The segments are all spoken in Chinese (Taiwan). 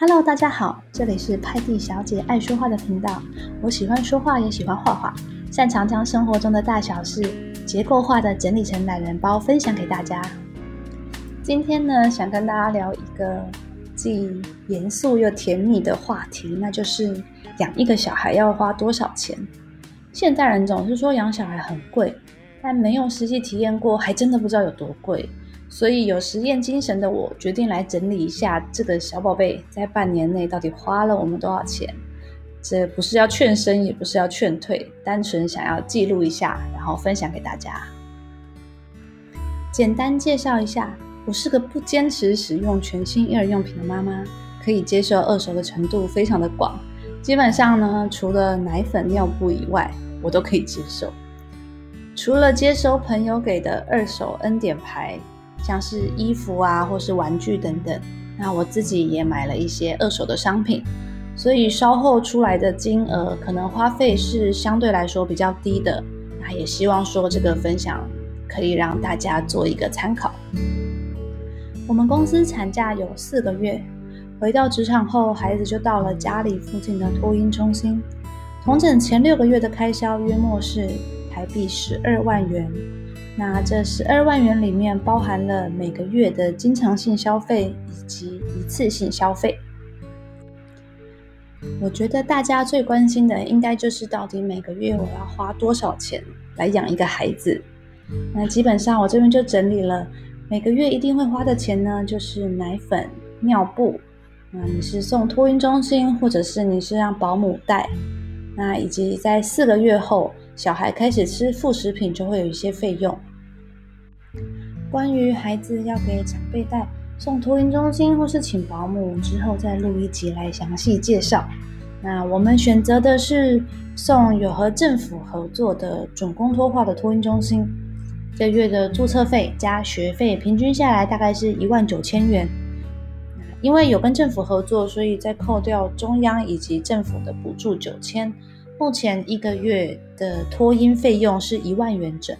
Hello，大家好，這裡是派蒂小姐愛說話的頻道。我喜歡說話，也喜歡畫畫，擅長將生活中的大小事結構化的整理成懶人包分享給大家。今天呢，想跟大家聊一個既嚴肅又甜蜜的話題，那就是養一個小孩要花多少錢？現代人總是說養小孩很貴，但沒有實際體驗過，還真的不知道有多貴。所以有實驗精神的我決定來整理一下這個小寶貝在半年內到底花了我們多少錢。這不是要勸生，也不是要勸退，單純想要記錄一下，然後分享給大家。簡單介紹一下，我是個不堅持使用全新嬰兒用品的媽媽，可以接受二手的程度非常的廣。基本上呢，除了奶粉、尿布以外，我都可以接受。除了接收朋友給的二手恩典牌。像是衣服啊，或是玩具等等，那我自己也買了一些二手的商品，所以稍後出來的金額可能花費是相對來說比較低的。那也希望說這個分享可以讓大家做一個參考。我們公司產假有四個月，回到職場後，孩子就到了家裡附近的托嬰中心，統整前六個月的開銷約莫是台幣十二萬元。那這十二萬元裡面包含了每個月的經常性消費以及一次性消費。我覺得大家最關心的應該就是到底每個月我要花多少錢來養一個孩子。那基本上我這邊就整理了每個月一定會花的錢呢，就是奶粉、尿布。那你是送托嬰中心，或者是你是讓保姆帶？那以及在四個月後，小孩開始吃副食品，就會有一些費用。關於孩子要給長輩帶，送托嬰中心，或是請保姆，之後再錄一集來詳細介紹。那我們選擇的是送有和政府合作的準公托化的托嬰中心，一個月的註冊費加學費平均下來大概是一萬九千元。因為有跟政府合作，所以再扣掉中央以及政府的補助九千，目前一個月的托嬰費用是一萬元整。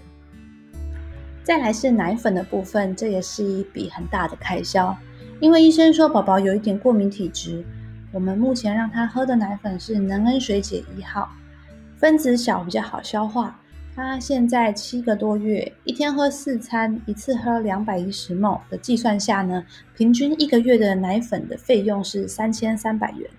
再來是奶粉的部分，這也是一筆很大的開銷，因為醫生說寶寶有一點過敏體質，我們目前讓他喝的奶粉是能恩水解一號，分子小比較好消化。他現在七個多月，一天喝四餐，一次喝兩百一十毫升的計算下呢，平均一個月的奶粉的費用是三千三百元。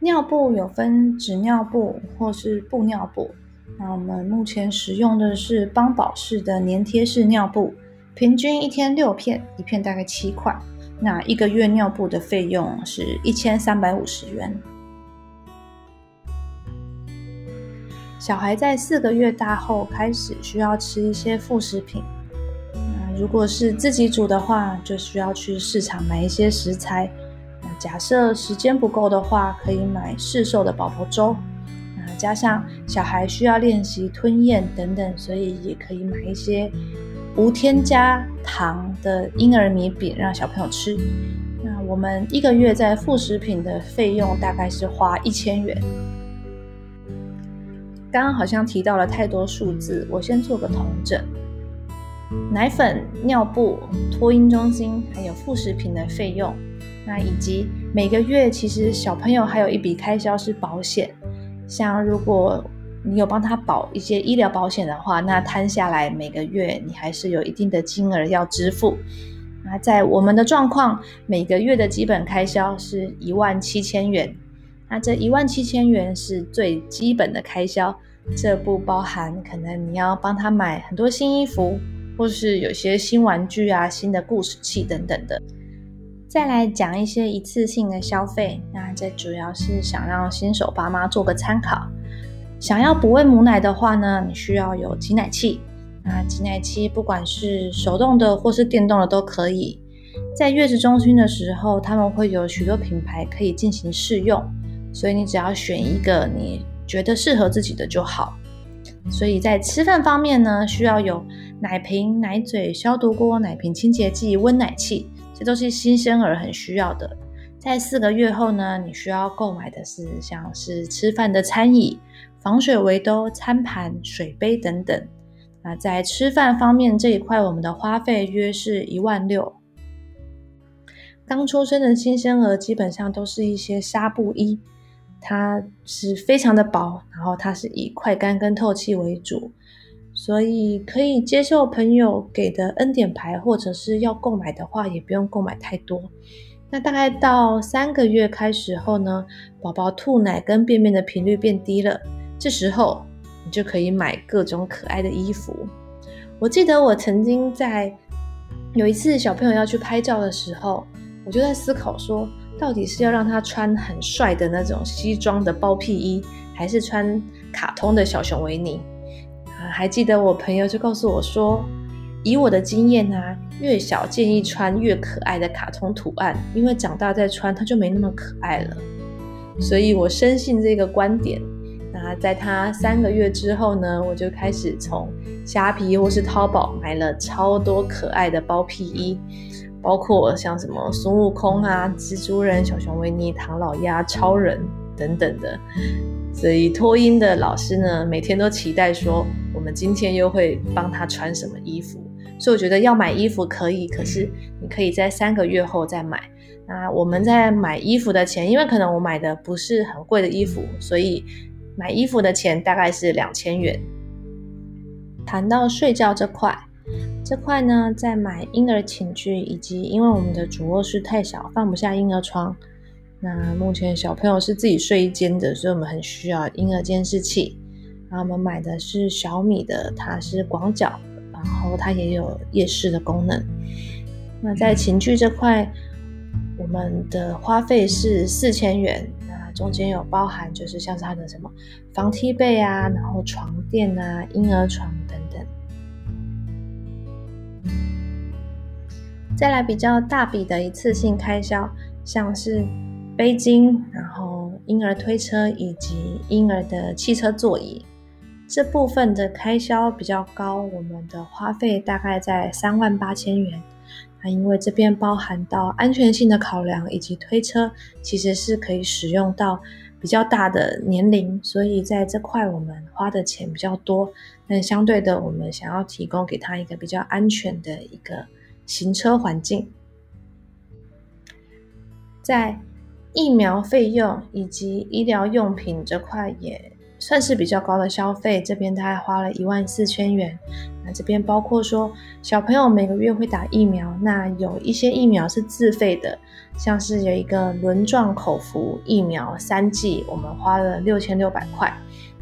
尿布有分紙尿布或是布尿布。那我們目前使用的是幫寶適的粘貼式尿布，平均一天六片，一片大概七塊，那一個月尿布的費用是一千三百五十元。小孩在四個月大後開始需要吃一些副食品，那如果是自己煮的話，就需要去市場買一些食材。那假設時間不夠的話，可以買市售的寶寶粥。加上小孩需要練習吞嚥等等，所以也可以買一些無添加糖的嬰兒米餅讓小朋友吃。那我們一個月在副食品的費用大概是花一千元。剛剛好像提到了太多數字，我先做個統整：奶粉、尿布、托嬰中心，還有副食品的費用。那以及每個月其實小朋友還有一筆開銷是保險。像如果你有幫他保一些醫療保險的話，那攤下來每個月你還是有一定的金額要支付。那在我們的狀況，每個月的基本開銷是一萬七千元。那這一萬七千元是最基本的開銷，這不包含可能你要幫他買很多新衣服，或是有些新玩具啊、新的故事機等等的。再來講一些一次性的消費，那這主要是想讓新手爸媽做個參考。想要不餵母奶的話呢，你需要有擠奶器。那擠奶器不管是手動的或是電動的都可以。在月子中心的時候，他們會有許多品牌可以進行試用，所以你只要選一個你覺得適合自己的就好。所以在吃飯方面呢，需要有奶瓶、奶嘴、消毒鍋、奶瓶清潔劑、溫奶器。這都是新生兒很需要的。在四個月後呢，你需要購買的是像是吃飯的餐椅、防水圍兜、餐盤、水杯等等。那在吃飯方面這一塊，我們的花費約是一萬六。剛出生的新生兒基本上都是一些紗布衣，它是非常的薄，然後它是以快乾跟透氣為主。所以可以接受朋友給的恩典牌，或者是要購買的話，也不用購買太多。那大概到三個月開始後呢，寶寶吐奶跟便便的頻率變低了，這時候你就可以買各種可愛的衣服。我記得我曾經在有一次小朋友要去拍照的時候，我就在思考說，到底是要讓他穿很帥的那種西裝的包屁衣，還是穿卡通的小熊維尼？還記得我朋友就告訴我說，以我的經驗啊，越小建議穿越可愛的卡通圖案，因為長大再穿它就沒那麼可愛了。所以我深信這個觀點。那在他三個月之後呢，我就開始從蝦皮或是淘寶買了超多可愛的包屁衣，包括像什麼孫悟空啊、蜘蛛人、小熊維尼、唐老鴨、超人等等的。所以托嬰的老師呢，每天都期待說。今天又會幫他穿什麼衣服？所以我覺得要買衣服可以，可是你可以在三個月後再買。那我們在買衣服的錢，因為可能我買的不是很貴的衣服，所以買衣服的錢大概是兩千元。談到睡覺這塊，這塊呢，在買嬰兒寢具，以及因為我們的主臥室太小，放不下嬰兒床。那目前小朋友是自己睡一間的，所以我們很需要嬰兒監視器。然後我們買的是小米的，它是廣角，然後它也有夜視的功能。那在寢具這塊，我們的花費是四千元，那中間有包含就是像是它的什麼防踢被啊，然後床墊啊，嬰兒床等等。再來比較大筆的一次性開銷，像是背巾，然後嬰兒推車以及嬰兒的汽車座椅。這部分的開銷比較高，我們的花費大概在三萬八千元。那因為這邊包含到安全性的考量以及推車，其實是可以使用到比較大的年齡，所以在這塊我們花的錢比較多。但相對的，我們想要提供給他一個比較安全的一個行車環境，在疫苗費用以及醫療用品這塊也算是比較高的消費，這邊他還花了一萬四千元。那這邊包括說小朋友每個月會打疫苗，那有一些疫苗是自費的，像是有一個輪狀口服疫苗三劑，我們花了六千六百塊。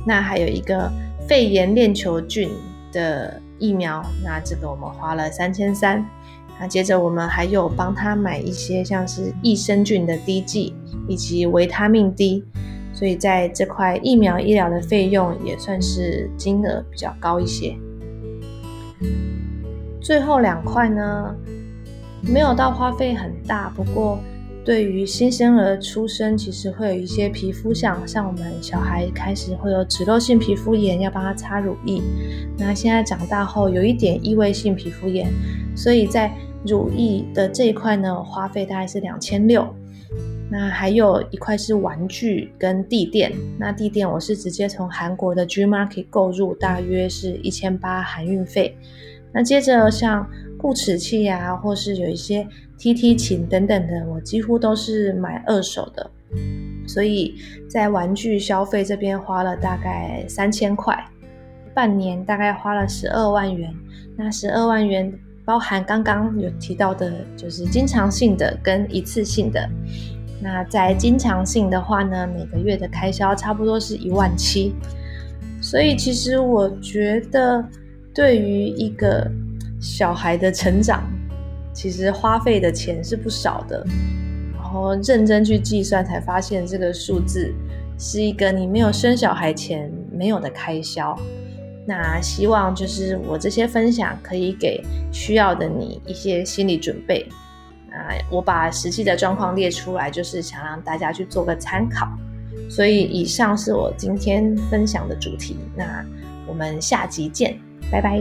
那還有一個肺炎鏈球菌的疫苗，那這個我們花了三千三。那接着我們還有幫他買一些像是益生菌的滴劑以及維他命 D。所以在這塊疫苗醫療的費用也算是金額比較高一些。最後兩塊呢，沒有到花費很大，不過對於新生兒出生，其實會有一些皮膚像像我們小孩開始會有脂漏性皮膚炎，要幫他擦乳液。那現在長大後有一點異位性皮膚炎，所以在乳液的這一塊呢，花費大概是兩千六。那還有一塊是玩具跟地墊，那地墊我是直接從韓國的 Gmarket 購入，大約是一千八含運費。那接着像固齒器啊，或是有一些 TT 琴等等的，我幾乎都是買二手的。所以在玩具消費這邊花了大概三千塊，半年大概花了十二萬元。那十二萬元包含剛剛有提到的，就是經常性的跟一次性的。那在經常性的話呢，每個月的開銷差不多是一萬七，所以其實我覺得，對於一個小孩的成長，其實花費的錢是不少的。然後認真去計算，才發現這個數字是一個你沒有生小孩前沒有的開銷。那希望就是我這些分享可以給需要的你一些心理準備。我把實際的狀況列出來，就是想讓大家去做個參考。所以以上是我今天分享的主題。那我們下集見，拜拜。